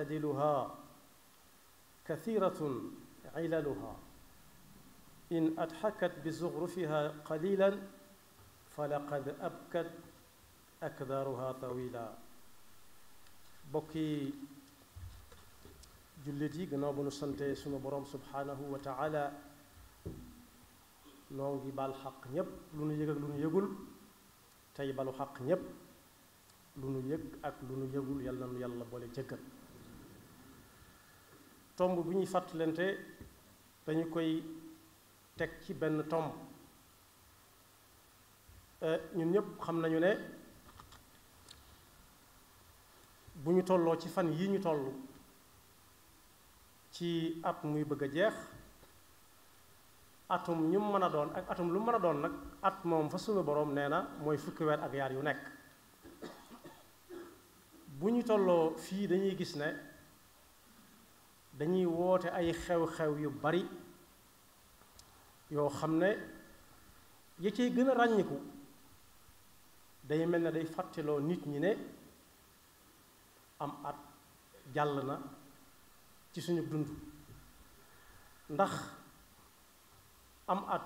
أجلها كثيرة عللها إن أضحكت بزخرفها قليلا فلقد أبكت أكدارها طويلا bokki jullit yi gannaaw ba nu sante sunu boroom subhaanahu wa taala noo ngi bal xaq ñépp lu nu yëg ak lu nu yëgul tey balu xaq ñépp lu nu yëg ak lu nu yëgul yàlla na nu yàlla boole jëggal tomb bu ñuy fàttalante dañu koy teg ci benn tomb eh, ñun ñépp xam nañu ne bu ñu tolloo ci fan yi ñu toll ci at muy bëgg a jeex atum ñu mën a doon ak atum lu mën a doon nag at moom fa sunu boroom nee na mooy fukki ak yaar yu nekk bu ñu tolloo fii dañuy gis ne dañuy woote ay xew-xew yu bari yoo xam ne ya cay gën a ràññiku day mel ne day fàtteloo nit ñi ne am at jàll na ci suñu dund ndax am at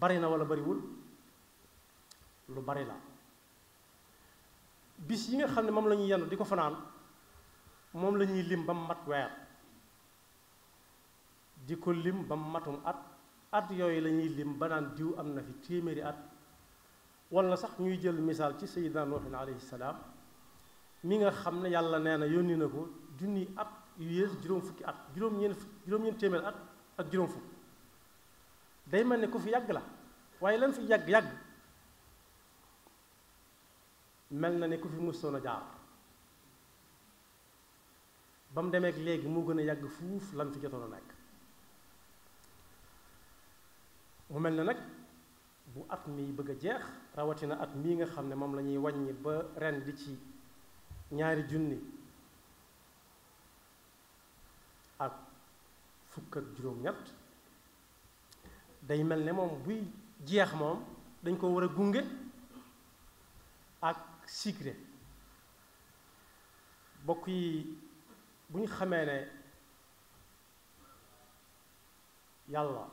bari na walla bariwul lu bari la bis yi nga xam ne moom la ñuy yenn di ko fanaan moom lañuy lim ba mu mat weer di ko lim ba mu matum at at yooyu lañuy lim ba naan diw am na fi téeméeri at wala sax ñuy jël misaal ci sayyidina nuuhin alayhi salaam mi nga xam ne yàlla nee na yónni na ko junni at yu yées juróom fukki at juróom-ñeent juróom-ñeent téeméeri at ak juróom fukk day mel ni ku fi yàgg la waaye lan fi yàgg-yàgg mel na ne ku fi musoon a jaar ba mu demeek léegi moo gën a yàgg fuuf lam fi jotoon a mu mel ne nag bu at mi bëgg a jeex rawatina at mii nga xam ne moom lañuy ñuy wàññi ba ren di ci ñaari junni ak fukk ak juróom-ñett day mel ne moom buy jeex moom dañ ko war a gunge ak sigré bokk yi bu ñu xamee ne yàlla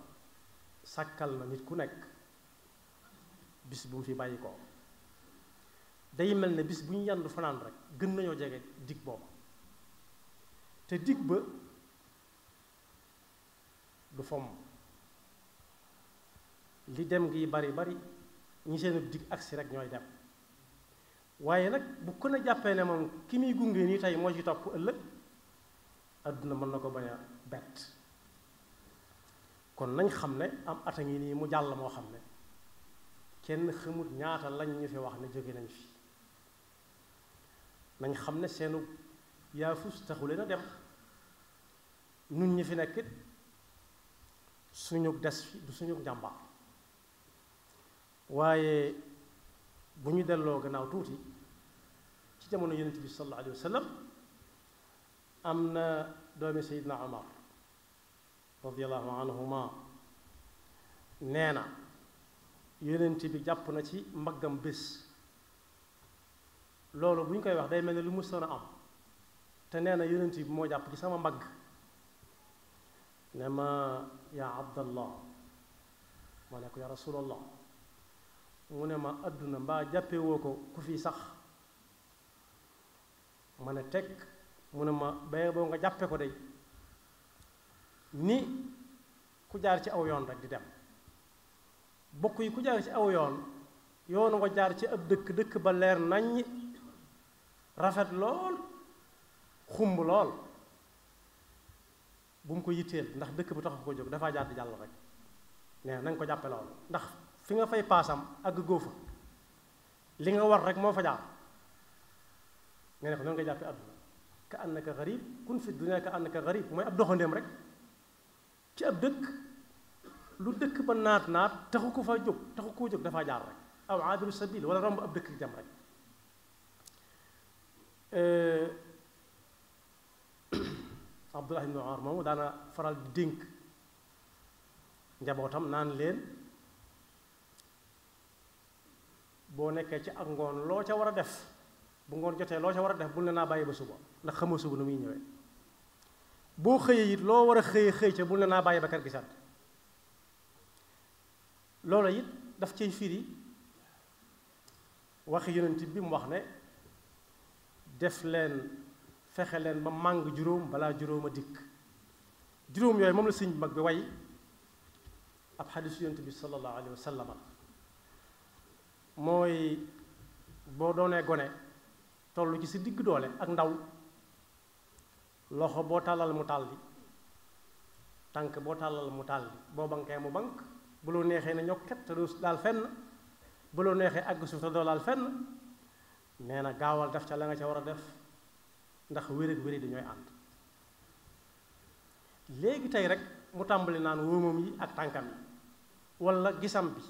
sàkkal na nit ku nekk bis bu mu fi bàyyi ko day mel ne bis bu ñu yandu fanaan rek gën nañoo jege dig booba te dig ba du fomm li dem gi bari bari ñi seen dig agsi rek ñooy dem waaye nag bu ko ne jàppee ne moom ki muy gunge nii tey moo ci topp ëllëg àdduna mën na ko bañ a bett kon nañ xam ne am at a nii mu jàll moo xam ne kenn xamut ñaata lañ ñu fi wax ne jóge nañ fi nañ xam ne seenu yaafus taxu leen a dem nun ñu fi nekk suñu des fi du suñu njàmbaar waaye bu ñu delloo gannaaw tuuti ci jamono yonent bi sallallahu alayhi wa am na doomi sayidna omar radiallahu anhuma nee na yonent bi jàpp na ci mbaggam bés loolu bu ñu koy wax day mel ne lu musoon a am te nee na yonent bi moo jàpp ci sama mbagg ne ma yaa abdallah ma ne ko yaa rasulallah mu ne ma àdduna mbaa jàppewoo ko ku fi sax ma ne teg mu ne ma bay boo nga jàppe ko day ni ku jaar ci aw yoon rek di dem bokk yi ku jaar ci aw yoon yoonu nga jaar ci ab dëkk dëkk ba leer naññ rafet lool xumb lool bu mu ko yitteel ndax dëkk bu taxaw ko jóg dafaa jaar di jàll rek nee na ko jàppe lool ndax fi nga fay paasam ak góo li nga war rek moo fa jaar nga ne ko noonu nga jàppe àdduna ka annaka garib kun fi dunya ka annaka garib mooy ab doxandeem rek ci ab dëkk lu dëkk ba naat naat taxu ko fa jóg taxu koo jóg dafaa jaar rek aw aabiru sabil wala romb ab dëkk jam rek Abdullah ibn Umar moomu daana faral di dénk njabootam naan leen boo nekkee ci ak ngoon loo ca war a def bu ngoon jotee loo ca war a def bul ne naa bàyyi ba suba ndax xamoo suba nu muy ñëwee boo xëyee it loo war a xëyee xëy ca bul ne naa bàyyi ba kër gi sàdd loolu it daf cay firi waxi yonent bi mu wax ne def leen fexe leen ba màng juróom balaa juróom a dikk juróom yooyu moom la sëñ mag bi way ab xadisu yonent bi sallallahu alayhi mooy boo doonee gone toll ci si digg doole ak ndaw loxo boo tàllal mu tàlli tànk boo tàllal mu tàlli boo bankee mu bank bu loo neexee ne ñokket te doo daal fenn bu loo neexee àgg suuf te doo laal fenn nee na gaawal def ca la nga ca war a def ndax wér ak wéri dañooy ànd léegi tey rek mu tàmbali naan wóomam yi ak tànkam yi walla gisam bi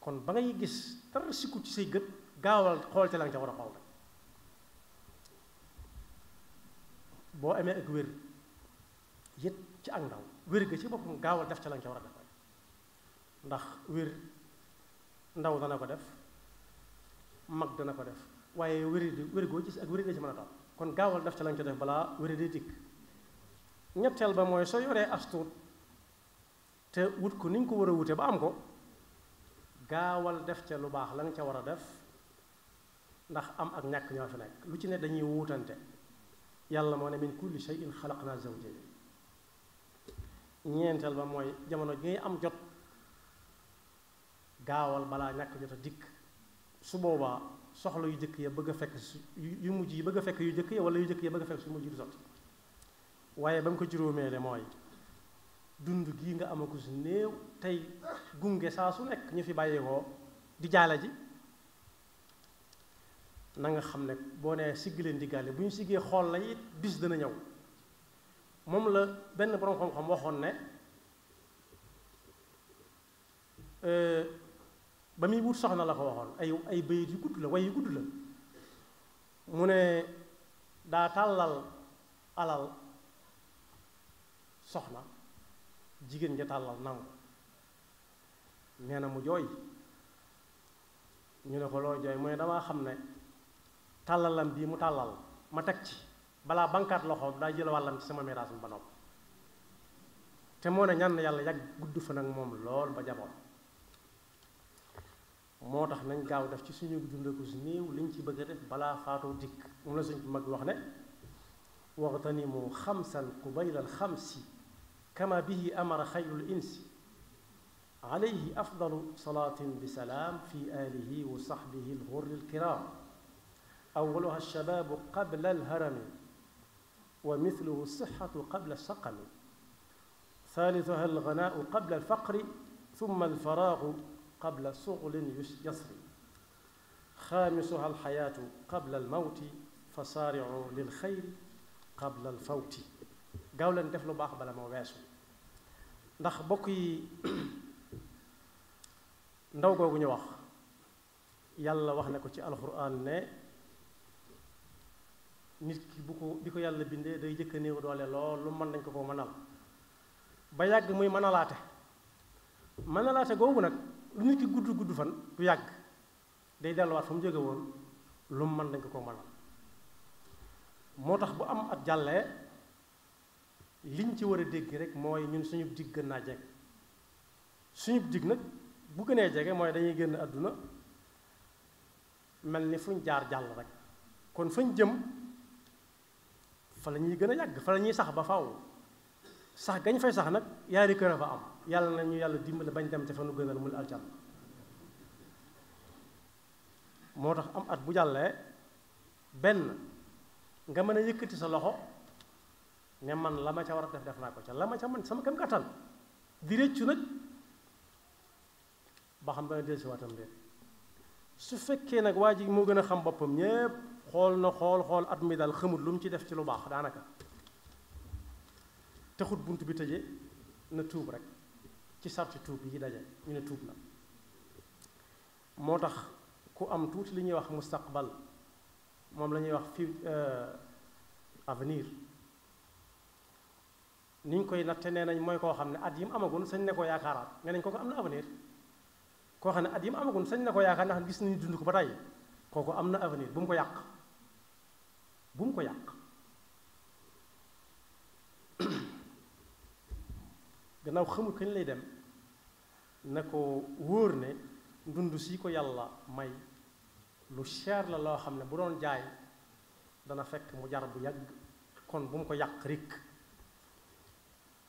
kon ba ngay gis dara sikku ci say gët gaawal xool ca la ca war a xool boo amee ak wér yët ci ak ndaw wér ga ci boppam gaawal def ca la ca war a def ndax wér ndaw dana ko def mag dana ko def waaye wéri di wér ci mën a kon gaawal def ca la nga ca balaa wéri di dikk ñetteel ba mooy soo yoree astuut te wut ko ni nga ko war a wute ba am ko gaawal def ca lu baax la nga ca war a def ndax am ak ñàkk ñoo fi nekk lu ci ne dañuy wuutante yàlla moo ne min kulli shay'in xalaqna zawjayn ñeenteel mooy jamono ji am jot gaawal balaa ñàkk jot a su boobaa soxla yu jëkk ya bëgg fekk yu mujj yi bëgg fekk yu jëkk ya wala yu jëkk ya bëgg a fekk su waaye ba mu ko juróomeele mooy dund gii nga amagus néew tey gunge saa su nekk ñu fi bàyyeekoo di jaala ji na nga xam ne boo nee sigg leen diggaale bu ñu siggee xool la it bis dana ñëw moom la benn borom xam-xam waxoon ne euh, ba muy wut soxna la ko waxoon ay ay bayit yu gudd la way yu gudd la mu ne daa tàllal alal soxna jigéen ja tàllal nangu nee na mu jooy ñu ne ko loo jooy ne damaa xam ne tàllalam bii mu tàllal ma teg ci balaa bankaat loxoom daa jël wàllam ci sama miraasam ba nopp te moo ne ñaan na yàlla yàgg gudd fa nag moom lool ba jaboon moo tax nañ gaaw def ci suñu dundaku si néew liñ ci bëgg a def balaa faatoo dikk mu la suñ mag wax ne waxtanimu xamsan qubaylal xamsi kama bihi amara xayrul insi alayhi afdalu salaatin bi salaam fi alihi wa saxbihi alxurri alkiraam awwaluha alshabaabu qabla alharami wa mithluhu sixatu qabla alsaqami thalithuha alghanaau qabla alfaqri thumma alfaraagu qabla suqlin yasri xaamisuha alxayaatu qabla almawti fa saaricu lilxayri qabla alfawti gaaw leen def lu baax bala moo weesu ndax bokk yi ndaw googu ñu wax yàlla wax na ko ci alquran ne nit ki bu ko bi ko yàlla bindee day jëkk a néew doole lool lu mën nañ ko ko mënal ba yàgg muy mënalaate mënalaate googu nag lu nit ki gudd gudd fan du yàgg day delluwaat fa mu jóge woon lu mën nañ ko ko mënal moo tax bu am at jàllee liñ ci war a dégg rek mooy ñun suñu dig gën naa jege suñu dig nag bu gënee jege mooy dañuy génn àdduna mel ni fuñ jaar jàll rek kon fañ jëm fa la ñuy gën a yàgg fa la ñuy sax ba faaw sax gañ fay sax nag yaari kër a fa am yàlla na ñu yàlla dimbale bañ dem te fa nu gënal mul aljan moo tax am at bu jàllee benn nga mën a yëkkati sa loxo ne man la ma ca war a def def naa ko ca la ma ca man sama kam kattan di réccu nag ba xam dana dellusiwaatam de su fekkee nag waa ji moo gën a xam boppam ñépp xool na xool xool at mi daal xamut lu mu ci def ci lu baax daanaka taxut bunt bi tëje na tuub rek ci sarti tuub yi daje ñu ne tuub na moo tax ku am tuuti li ñuy wax mustaqbal moom la ñuy wax fi euh, avenir ni koy natte nee nañ mooy koo xam ne at yi mu amagun sañ ne ko yaakaaraat nee nañ kooku am na avenir koo xam ne at yi mu sañ ne ko yaakaar ndax gis nañu dund ko ba tey kooku am na avenir bu mu ko yàq bu mu ko yàq gannaaw xamul kañ lay dem na ko wóor ne ndund si ko yàlla may lu cher la loo xam ne bu doon jaay dana fekk mu jar bu yàgg kon bu mu ko yàq rikk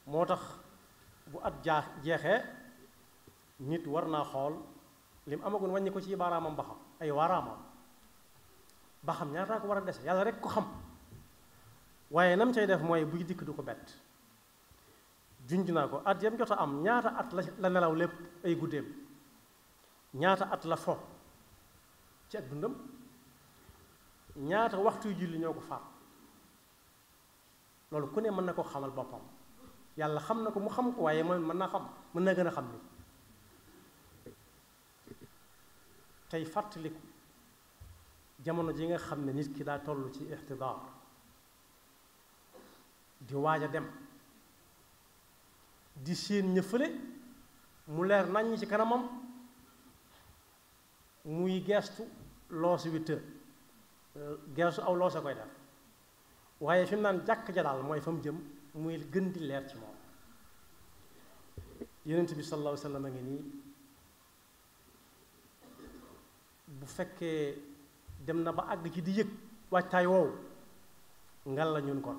moo tax bu at jaa jeexee nit war naa xool lim amagoon wàññi ko ci baaraamam ba ay waaraamam ba xam ñaata ko war a dese yàlla rek ko xam waaye nam cay def mooy buy dikk du ko bett junj naa ko at yam jot a am ñaata at la nelaw lépp ay guddeem ñaata at la fo ci ak dundam ñaata waxtuy julli ñoo ko faat loolu ku ne mën na ko xamal boppam yàlla xam na ko mu xam ko waaye man mën naa xam mën naa gën a xam ni tey fàttaliku jamono ji nga xam ne nit ki daa tollu ci ixtidaar di waaj a dem di siin ña mu leer naññ ci kanamam muy geestu loos wi të euh, geestu aw loos koy def waaye fi naan jàkk ja daal mooy fa mu jëm muy gën di leer ci moom yonent bi sallallahu alayhi a ngi nii bu fekkee dem na ba àgg ci di yëg waajtaay woowu ngal la ñun kon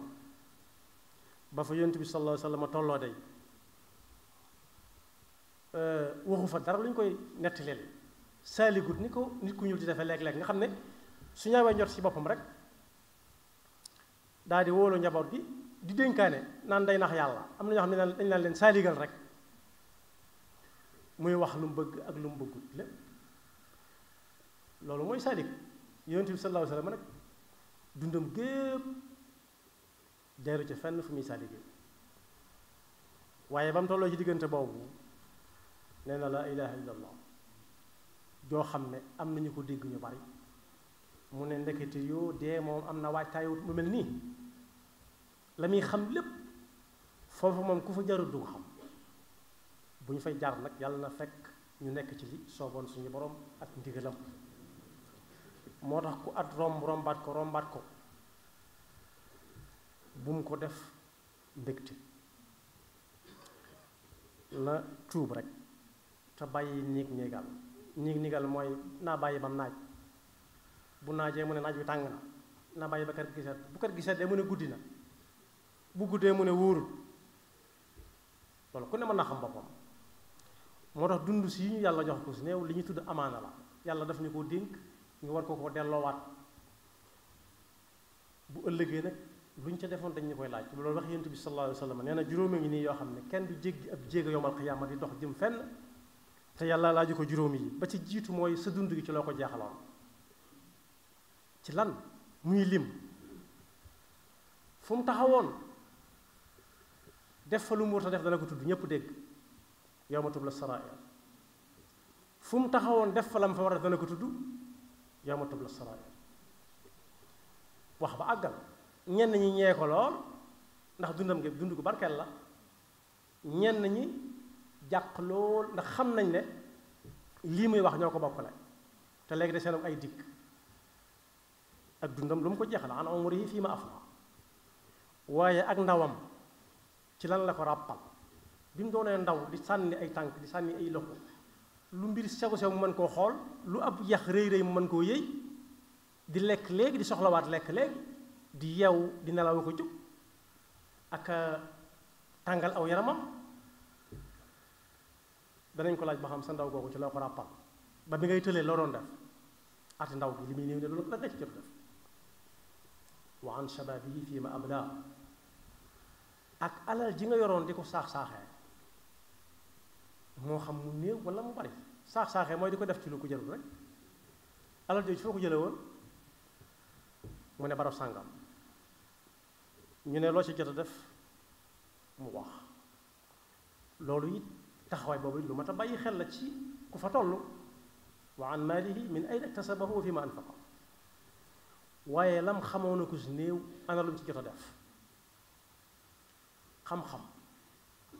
ba fa yonent bi sallallahu alayhi wasallam tolloo day euh, waxu fa dara lu ñu koy nettaleel saaligut ni ko nit ku ñuul di defee léeg-léeg nga xam ne su ñaawee njort ci boppam rek daal di wóolu njaboot bi di dénkaane naan day nax yàlla am na ñoo xam ne dañ naan leen saaligal rek muy wax lu mu bëgg ak lu mu bëggul lépp loolu mooy saalik yonent bi sallallahu alayhi wa nag dundam gépp deeru ca fenn fu muy sàddige waaye ba tolloo ci diggante boobu nee na la ilaha illallah joo xam ne am nañu ko dégg ñu bari mu ne ndekete yoo dee moom am na waajtaayu mu mel nii la muy xam lépp foofu moom ku fa jarul du ko xam bu ñu fay jaar nag yàlla na fekk ñu nekk ci li sooboon suñu borom ak ndigalam moo tax ku at romb rombaat ko rombaat ko bum ko def mbégte na tuub rek te bàyyi néeg niigal néeg niigal mooy naa bàyyi bam naaj bu naajee mu ne naaj bi tàng na na bàyyi ba kër gi set bu kër gi set de mu ne guddi na bu guddee mu ne wóorul loolu ku ne mën na xam boppam moo tax dund si yàlla jox ko si néew li ñu tudd amaana la yàlla daf ñu ko dénk ñu war ko ko delloowaat bu ëllëgee nag luñ ca defoon dañ ñu koy laaj loolu wax yonent bi sallallahu alayhi wa nee na juróomi ngi nii yoo xam ne kenn du jéggi ab jéego yowmal xiyaama di dox jëm fenn te yàlla laaju ko juróomi yi ba ci jiitu mooy sa dund gi ci loo ko jaaxaloon ci lan muy lim fu taxawoon def fa lu mu def dana ko tudd ñépp dégg yawma tubla sarair fu mu def fa lam fa war a def dana ko tudd yaa ma tubla sarair wax ba àggal ñenn ñi ñee ko lool ndax dundam gi dund gu barkeel la ñenn ñi jàq lool ndax xam nañ ne lii muy wax ñoo ko bokkale te léegi de seenam ay dikk ak dundam lu mu ko jeexal an umrihi fii ma afna waaye ak ndawam ci lan la ko ràppal bi mu doonee ndaw di sànni ay tànk di sànni ay loxo lu mbir sew sew mu mën koo xool lu ab yax rëy rëy mu mën koo yëy di lekk léegi di soxlawaat lekk léegi di yeew di nelaw ko jóg ak tàngal aw yaramam danañ ko laaj ba xam sa ndaw googu ci loo ba bi ngay tëlee loo doon def ati ndaw bi li muy néew ne ak alal ji nga yoroon di ko saax-saaxee moo xam mu néew wala mu bari saax-saaxee mooy di ko def ci lu ko jarul rek alal jooju foo ko jële woon mu ne barab sàngam ñu ne loo ci jot a def mu wax loolu it taxawaay boobu lu mat a bàyyi xel la ci ku fa toll wa an maalihi min ayna iktasabahu wa fi ma anfaqa waaye lam xamoon na ko si néew ana ci jot a def xam-xam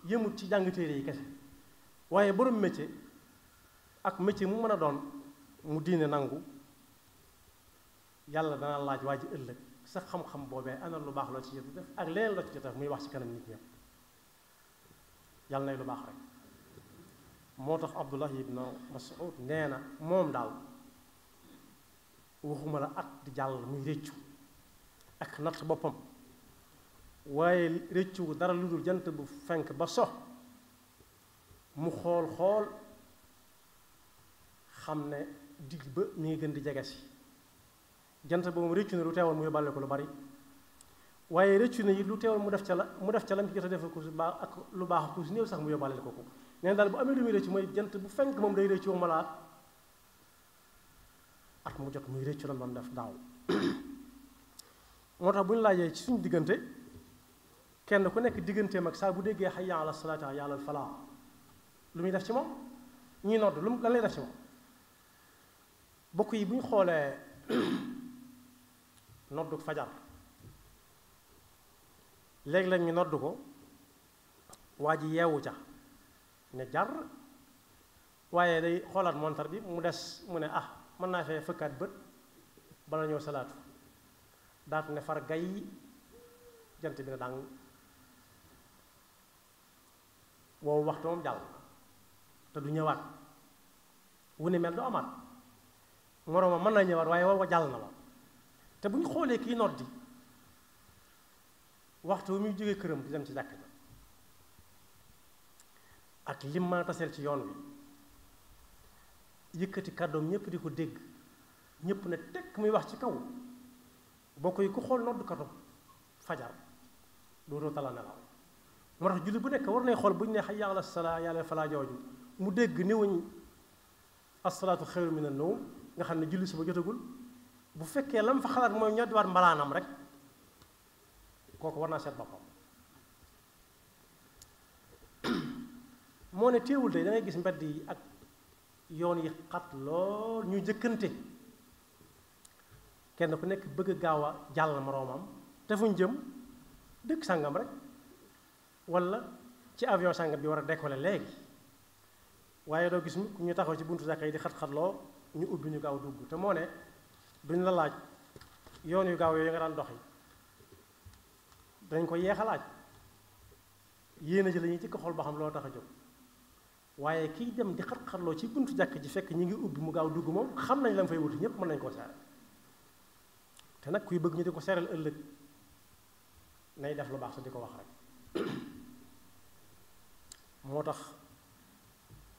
yëmut ci jàng téere yi kese waaye borom métier ak métier mu mën a doon mu diine nangu yàlla dana laaj waa ji ëllëg sa xam-xam boobee ana lu baax la ci jot def ak leneen loo ci jot def muy wax ci kanam nit ñëpp yàlla nay lu baax rek moo tax Abdullah ibn Mas'ud nee na moom daal waxuma la at di jàll muy réccu ak natt boppam waaye réccu dara lu dul jant bu fenk ba so mu xool xool xam ne digg ba mi ngi gën di jege si jant ba moom rëccu na lu teewoon muy bàlle ko lu bari waaye rëccu na yi lu teewoon mu def ca la mu def ca la mu ci jot a defal ak lu baax ku si sax mu yóbbaale ko ko nee daal bu amee lu muy rëccu mooy jant bu fenk moom day rëccu ma mu jot muy rëccu la doon def daaw moo tax bu ñu laajee ci suñu diggante kenn ku nekk digganteem ak saa bu déggee hayya ala salaati yàlla ala falaa lu muy def ci moom ñuy nodd lu lan lay def ci moom bokk yi bu ñu xoolee noddu fajar léeg-léeg ñu noddu ko waa ji yeewu ca ne jar waaye day xoolaat montar bi mu des mu ne ah mën naa fee fëkkaat bët bala ñëw salaatu daat ne far gay jant bi na dàng woowu waxtu moom jàll te du ñëwaat wu ne mel du amaat moroomam mën na ñëwaat waaye wa jàll na la te bu ñu xoolee kii noddi waxtu wu muy jógee këram di dem ci jàkk ja ak lim mën a taseel ci yoon wi yëkkati kàddoom ñépp di ko dégg ñépp ne tekk muy wax ci kaw bokk yi ku xool noddukatu fajar dootoo tala nelaw moo tax julli bu nekk war nay xool bu ñu ne xay yàlla salaa yàlla falaa mu dégg niwuñ asalaatu xayru mi an nawm nga xam ne julli suba jotagul bu fekkee lam fa xalaat mooy ñoddiwaat mbalaanam rek kooku war naa seet boppam moo ne téewul tey da gis mbedd yi ak yoon yi xat lool ñu jëkkante kenn ku nekk bëgg gaaw a jàll moroomam te fuñ jëm dëkk sàngam rek walla ci avion sàngam bi war a décoller léegi waaye doo gis ku ñu taxaw ci buntu jàkka yi di xat-xatloo ñu ubbi ñu gaaw dugg te moo ne duñ la laaj yoon yu gaaw yooyu nga daan doxi dañ ko yeex a laaj yéen a ji la jëkk xool ba xam loo tax a jóg waaye kiy dem di xat-xatloo ci buntu jàkk ji fekk ñu ngi ubbi mu gaaw dugg moom xam nañ la mu fay wuti ñépp mën nañ koo seere te nag kuy bëgg ñu di ko seeral ëllëg nay def lu baax sa di ko wax rek moo tax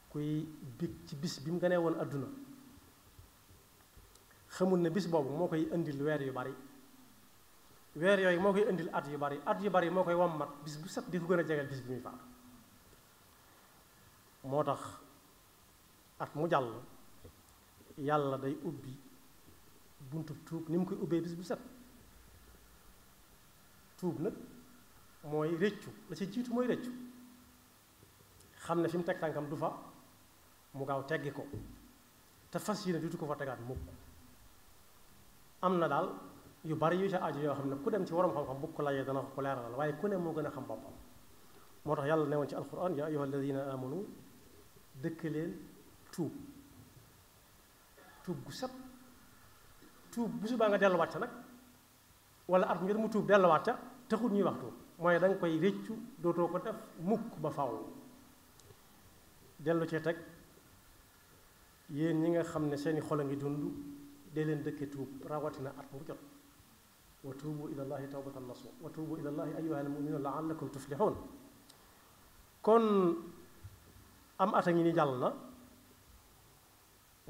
kuy big ci bis bi mu gënee woon adduna xamul na bis boobu moo koy indil weer yu bari weer yooyu moo koy indil at yu bari at yu bari moo koy wammat bis bu set di ko gën a jegeel bis bi muy faatu moo tax at mu jàll yàlla day ubbi buntub tuub ni mu koy ubbee bis bu set tuub nag mooy rëccu la ci jiitu mooy rëccu xam ne fi mu teg tànkam du fa mu gaaw teggi ko te fas yéene dutu ko fa tegaat mukk am na daal yu bari yu ca aju yoo xam ne ku dem ci waroom xam-xam bu ko laajee dana ko leeral waaye ku ne moo gën a xam boppam moo tax yàlla newoon ci alquran yaa ayyuha alladina amanu dëkk leen tuub tuub nga delluwaat ca nag wala at ngir mu tuub delluwaat ca taxut ñuy wax tuub mooy da koy réccu dootoo ko def mukk ba faw dellu ci teg yéen ñi nga xam ne seeni xol a ngi dund dee leen dëkke tuub rawatina at mu jot wa tuubu ila llahi tawbatan nasuha wa tuubu ila llahi ayuha almuminuun laallakum tuflixuun kon am at a ngi ni jàll na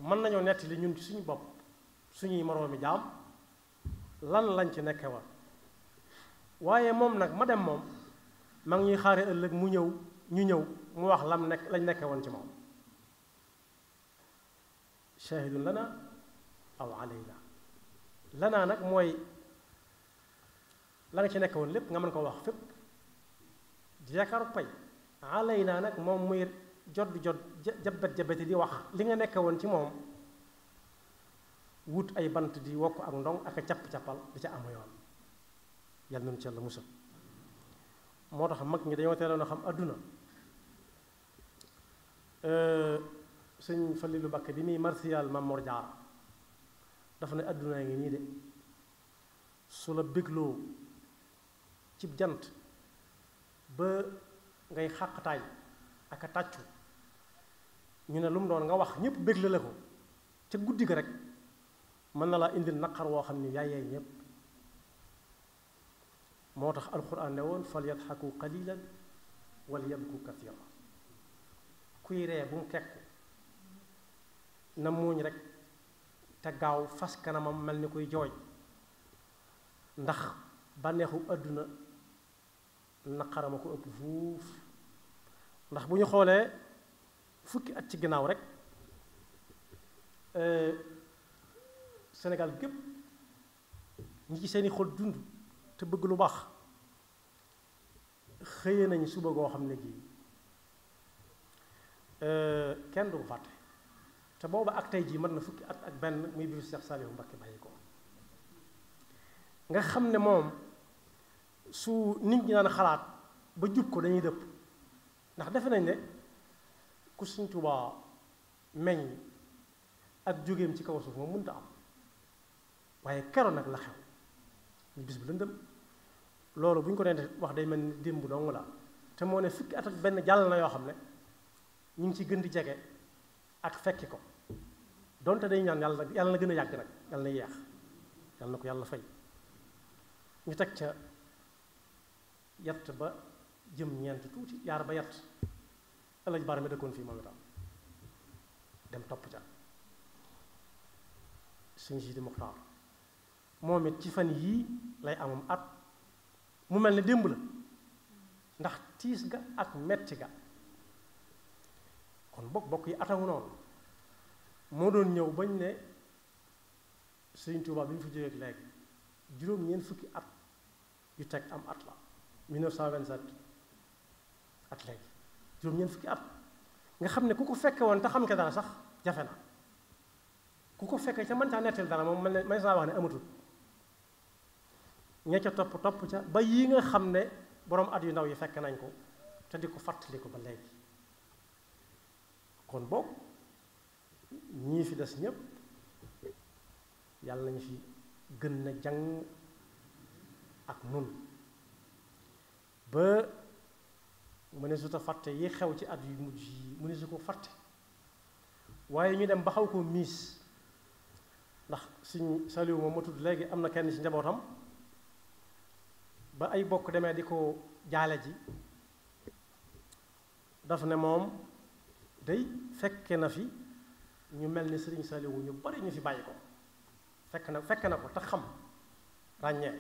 mën nañoo nettali ñun ci suñu bopp suñuy moroomi jaam lan lañ ci nekke wa waaye moom nag ma dem moom ma ñuy xaare ëllëg mu ñëw ñu ñëw mu wax lam nekk lañ nekke woon ci moom shahidun lana aw alayna lanaa nag mooy la nga ci nekk woon lépp nga mën ko wax fépp di yaakaaru pay alayna nag moom muy jot jot jabat jabati di wax li nga nekk woon ci moom wut ay bant di wokk ak ndong ak a capp-cappal di ca amu yoon yàlla mu ci yàlla musal moo tax mag ñi dañoo teeloon a xam àdduna euh, sëñ Falilu Bakke bi muy marsiyaal Maam Mor dafa ne àddunaa ngi nii de su la bégloo cib jant ba ngay xàqtaay ak a tàccu ñu ne lu mu doon nga wax ñépp béglale ko ca guddi ga rek mën na laa indi naqar woo xam ne yaay yaay ñépp moo tax alquran ne woon fal yadxaku qalilan wal yabku kathira kuy ree bu mu kekku na muuñ rek te gaaw fas kanamam mel ni kuy jooy ndax bànneexu àdduna naqarama ko ëpp fuuf ndax bu ñu xoolee fukki at ci ginnaaw rek euh, Sénégal gépp ñi ci seeni xol dund te bëgg lu baax xëyee nañ suba goo xam ne gii euh, kenn du ko fàtte te booba ak tey jii mën na fukki at ak benn muy bisu Cheikh Saliou Mbacké bàyyi ko nga xam ne moom su nit ñi daan xalaat ba jub ko dañuy dëpp ndax defe nañ ne ku Sëñ Tuubaa meññ ak jógeem ci kaw suuf moom mënut am waaye keroon nag la xew ñu bis bu lëndëm loolu bu ñu ko dee wax day mel ni démb dong la te moo ne fukki at ak benn jàll na yoo xam ne ñu ngi ci gën di jege ak fekki ko donte day ñaan yàlla yàlla na gën a yàgg nag yàlla na yeex yàlla na ko yàlla fay ñu teg ca yett ba jëm ñeent tuuti yaar ba yett ëllëg baar mi dëkkoon fii moom itam dem topp ca sëñ Sidi Muxtaar moom it ci fan yii lay amum at mu mel ni démb la ndax tiis ga ak metti ga kon bokk bokk yi atawu noonu moo doon ñëw bañ ne Sëriñ Tuubaa bi mu fi jógee léegi juróom-ñeent fukki at yu teg am at la 1927 at léegi juróom-ñeent fukki at nga xam ne ku ko fekkee woon te xam ke dara sax jafe na ku ko fekkee ca mën caa nettali dara moom man man saa wax ne amatul ña ca topp topp ca ba yi nga xam ne boroom at yu ndaw yi fekk nañ ko te di ko fàttali ko ba léegi kon boobu ñii fi des ñépp yàlla nañu fi gën na jàng ak nun ba mu ne suta ta fàtte yi xew ci at yu mujj yi mu ne su ko farte waaye ñu dem ba xaw koo miis ndax suñ saliwu moom ma tudd léegi am na kenn ci njabootam ba ay bokk demee di ko jaale ji daf ne moom dey fekke na fi ñu mel ni sëriñ Saliou ñu bari ñu fi bàyyi ko fekk na fekk na ko tax xam ràññee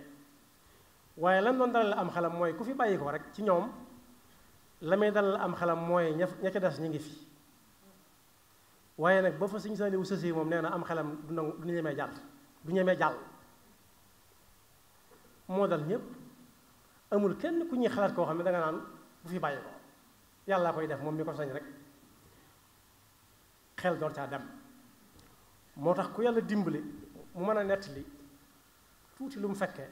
waaye lan doon dalal am xelam mooy ku fi bàyyi ko rek ci ñoom la may dalal am xelam mooy ña ña ca des ñu ngi fi waaye nag ba fa sëriñ Saliou sësee moom nee na am xelam du nangu du ñemee jàll du ñemee jàll moo dal ñépp amul kenn ku ñuy xalaat koo xam ne danga naan bu fi bàyyi ko yàlla koy def moom mi ko sañ rek xel door caa dem moo tax ku yàlla dimbali mu mën a nettali tuuti lu mu fekkee